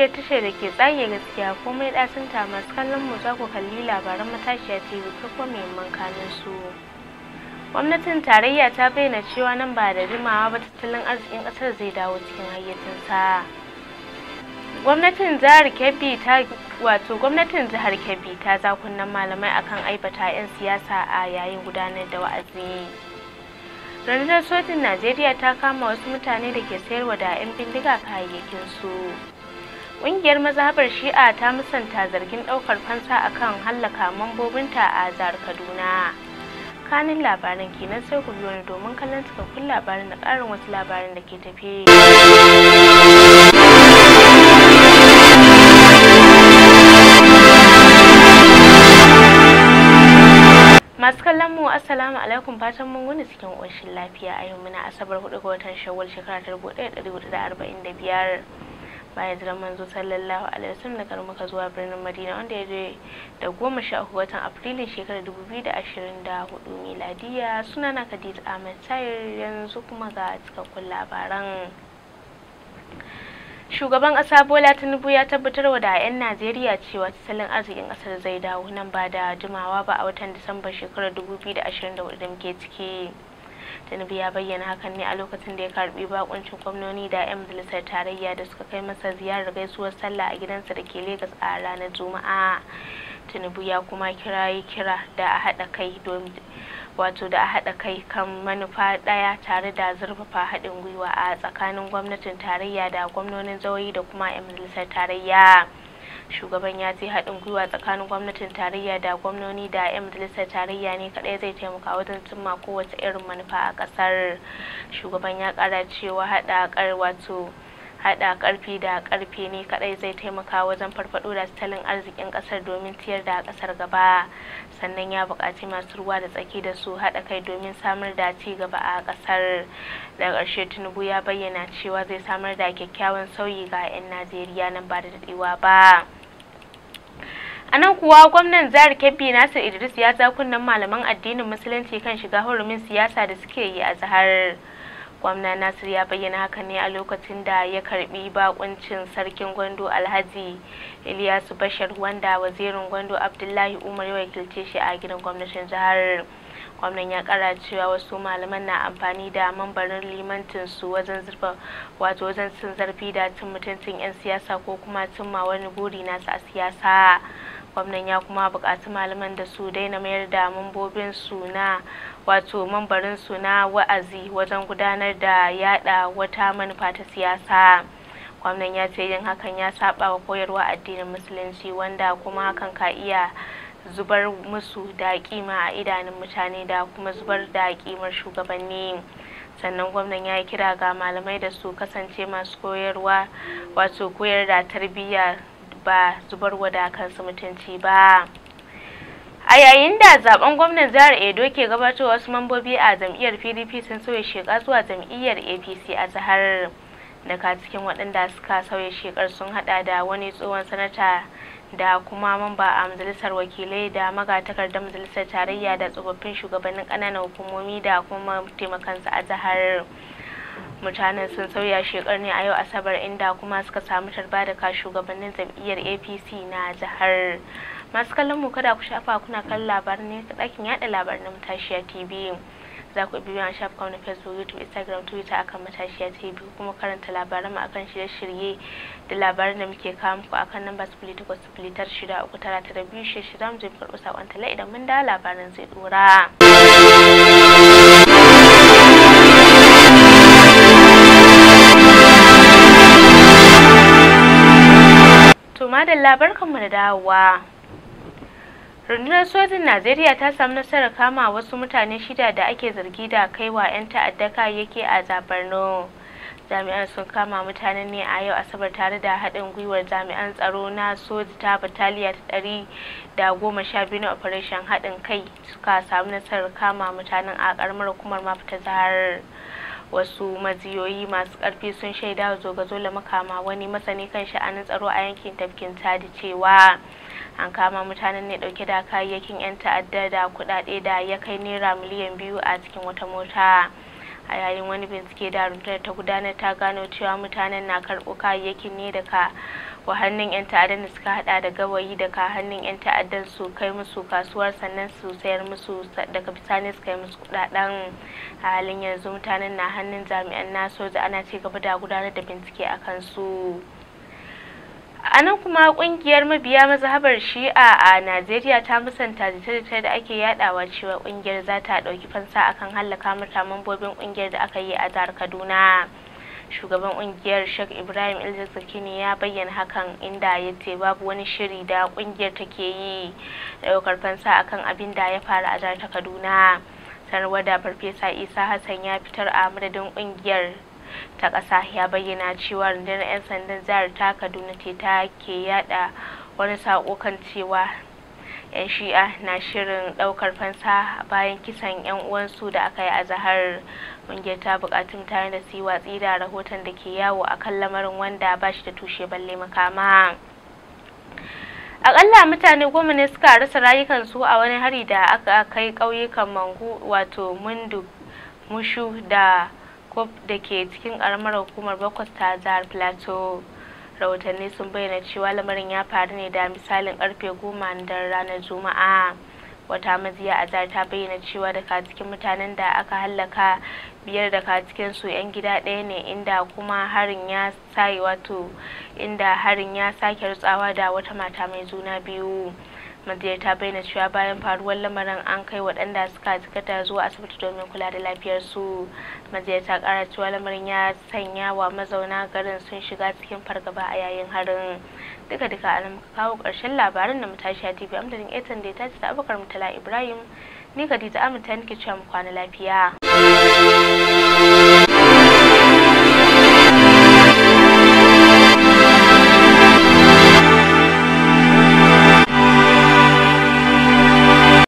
ce tashe da ke tsaye gaskiya komai ɗacinta masu kallon mu za ku kalli labaran matashiya tv farko muhimman kanin su gwamnatin tarayya ta bayyana cewa nan ba da jimawa ba tattalin arzikin ƙasar zai dawo cikin hayyacinsa gwamnatin jihar kebbi ta wato gwamnatin jihar kebbi ta zakunnan malamai akan aibata 'yan siyasa a yayin gudanar da wa'azi rundunar sojin najeriya ta kama wasu mutane da ke sayarwa da 'yan bindiga kayayyakin su Ƙungiyar mazhabar Shi'a ta musanta zargin ɗaukar fansa akan hallaka mambobinta a jihar Kaduna. Kanin labaran kenan sai ku biyo ni domin kallon cikakkun labarin da ƙarin wasu labarin da ke tafe. masu kallon mu assalamu alaikum fatan mun gudu cikin ƙoshin lafiya a yau muna asabar 4 ga watan shawwal shekara ta 1445 bayan hijirar manzo sallallahu alaihi wasallam daga muka zuwa birnin madina wanda ya je da goma sha uku watan afrilun shekarar dubu biyu da ashirin da hudu miladiya na khadija ahmed sayar yanzu kuma ga cikakkun labaran shugaban ƙasa bola tinubu ya tabbatar wa da 'yan najeriya cewa tattalin arzikin ƙasar zai dawo nan ba da jimawa ba a watan disamba shekarar 2024 da muke ciki tinubu ya bayyana hakan ne a lokacin da ya karbi bakuncin gwamnoni da 'yan majalisar tarayya da suka kai masa ziyarar gaisuwar sallah a gidansa da ke legas a ranar juma'a tinubu ya kuma yi kira da a haɗa kai wato da a haɗa kai kan manufa ɗaya tare da zurfafa haɗin gwiwa a tsakanin gwamnatin tarayya da gwamnonin jihohi da kuma 'yan majalisar tarayya shugaban ya ce haɗin gwiwa tsakanin gwamnatin tarayya da gwamnoni da 'yan majalisar tarayya ne kaɗai zai taimaka wajen cimma kowace irin manufa a ƙasar shugaban ya ƙara cewa haɗa ƙar wato haɗa ƙarfi da ƙarfe ne kaɗai zai taimaka wajen farfaɗo da tattalin arzikin ƙasar domin ciyar da ƙasar gaba sannan ya buƙaci masu ruwa da tsaki da su haɗa kai domin samar da ci gaba a ƙasar da ƙarshe tinubu ya bayyana cewa zai samar da kyakkyawan sauyi ga 'yan najeriya nan ba da daɗewa ba a nan kuwa gwamnan jihar kebbi nasir idris ya ja kunnen malaman addinin musulunci kan shiga hurumin siyasa da suke yi a zahar gwamna nasir ya bayyana haka ne a lokacin da ya karbi bakuncin sarkin gwando alhaji iliyasu bashar wanda wazirin gwando abdullahi umar ya wakilce shi a gidan gwamnatin jihar gwamnan ya kara cewa wasu malaman na amfani da mambarin limantin su wajen zurfa wato wajen cin zarfi da cin mutuncin 'yan siyasa ko kuma cimma wani buri nasu a siyasa gwamnan ya kuma bukaci malaman da su daina mayar da mambobin su na wato mambarin su na wa'azi wajen gudanar da yada wata manufa ta siyasa gwamnan ya ce yin hakan ya saba wa koyarwa addinin musulunci wanda kuma hakan ka iya zubar musu da kima a idanun mutane da kuma zubar da kimar shugabanni sannan gwamnan ya yi kira ga malamai da su kasance masu koyarwa wato koyar da tarbiyya ba zubar wadakansu su mutunci ba a yayin da zaben gwamnan jihar edo ke gabatar wasu mambobi a jam'iyyar pdp sun sauya sheka zuwa jam'iyyar apc a jihar daga cikin waɗanda suka sauya shekar sun hada da wani tsohon sanata da kuma mamba a majalisar wakilai da magatakardar majalisar tarayya da tsofaffin shugabannin ƙananan hukumomi da kuma taimakansa a jihar mutanen sun sauya shekar ne a yau asabar inda kuma suka samu tarba da ka shugabannin jam'iyyar apc na jihar masu kallon mu kada ku shafa kuna kan labarin ne ta ɗakin yaɗa labarin na matashiya tv za ku biyu a shafukan na facebook youtube instagram twitter akan matashiya tv kuma karanta labaran mu akan shirye-shirye da labarin da muke kawo muku akan namba sifili takwas sifili bulitar shida uku tara tara biyu shida shida mu je mu karɓi saƙon tala idan mun da labarin zai ɗora. Madalla barkanmu da dawowa. Rundunar sojin Najeriya ta samu nasarar kama wasu mutane shida da ake zargi da kaiwa 'yan ta'adda kayayyaki a Zabarno. Jami'an sun kama mutane ne a yau Asabar tare da haɗin gwiwar jami'an tsaro na soji ta Bataliya ta ɗari da goma sha biyu na Operation haɗin kai suka samu nasarar kama mutanen a ƙaramar hukumar mafita zahar. wasu maziyoyi masu karfi sun shaida wa zogazola makama wani masani kan sha'anin tsaro a yankin tafkin tadi cewa an kama mutanen ne dauke da kayayyakin 'yan ta'adda da kudade da ya kai naira miliyan biyu a cikin wata mota a yayin wani bincike da rundunar ta gudanar ta gano cewa mutanen na karɓo kayayyakin ne daga wa hannun 'yan ta'addan da suka hada da gawayi da ka hannun 'yan ta'addan su kai musu kasuwar sannan su sayar musu daga bisani su kai musu kudaden halin yanzu mutanen na hannun jami'an na soja ana ci gaba da gudanar da bincike a kansu a nan kuma kungiyar mabiya mazhabar shi'a a najeriya ta musanta jita-jita da ake yadawa cewa kungiyar za ta dauki fansa akan hallaka mutanen mambobin kungiyar da aka yi a jihar kaduna shugaban kungiyar sheikh ibrahim ilzakini ya bayyana hakan inda ya ce babu wani shiri da kungiyar take yi daukar fansa akan abin da ya faru a jihar ta kaduna sanarwar da farfesa isa hassan ya fitar a madadin kungiyar ta ƙasa ya bayyana cewa rundunar 'yan sandan jihar ta kaduna ce ta ke yada wani sako kan cewa 'yan shi'a na shirin daukar fansa bayan kisan 'yan uwansu da aka yi a zahar ƙungiyar ta bukatun mutane da su yi watsi da rahoton da ke yawo a kan lamarin wanda ba shi da tushe balle makama akalla mutane goma ne suka rasa rayukansu a wani hari da aka kai ƙauyukan mangu wato mundu mushu da kop da ke cikin ƙaramar hukumar bakwas ta jihar plateau rahotanni sun bayyana cewa lamarin ya faru ne da misalin karfe goma da ranar juma'a wata maziya a jihar ta bayyana cewa daga cikin mutanen da aka hallaka biyar daga cikin su 'yan gida ɗaya ne inda kuma harin ya sai wato inda harin ya sake rutsawa da wata mata mai juna biyu madiyar ta bayyana cewa bayan faruwar lamarin an kai waɗanda suka jikata zuwa asibiti domin kula da lafiyarsu madiyar ta ƙara cewa lamarin ya sanya wa mazauna garin sun shiga cikin fargaba a yayin harin duka duka an muka kawo ƙarshen labarin da matashi a tv amdanin etan da ta ci da abokan mutala ibrahim ni khadija aminta nake cewa mu kwana lafiya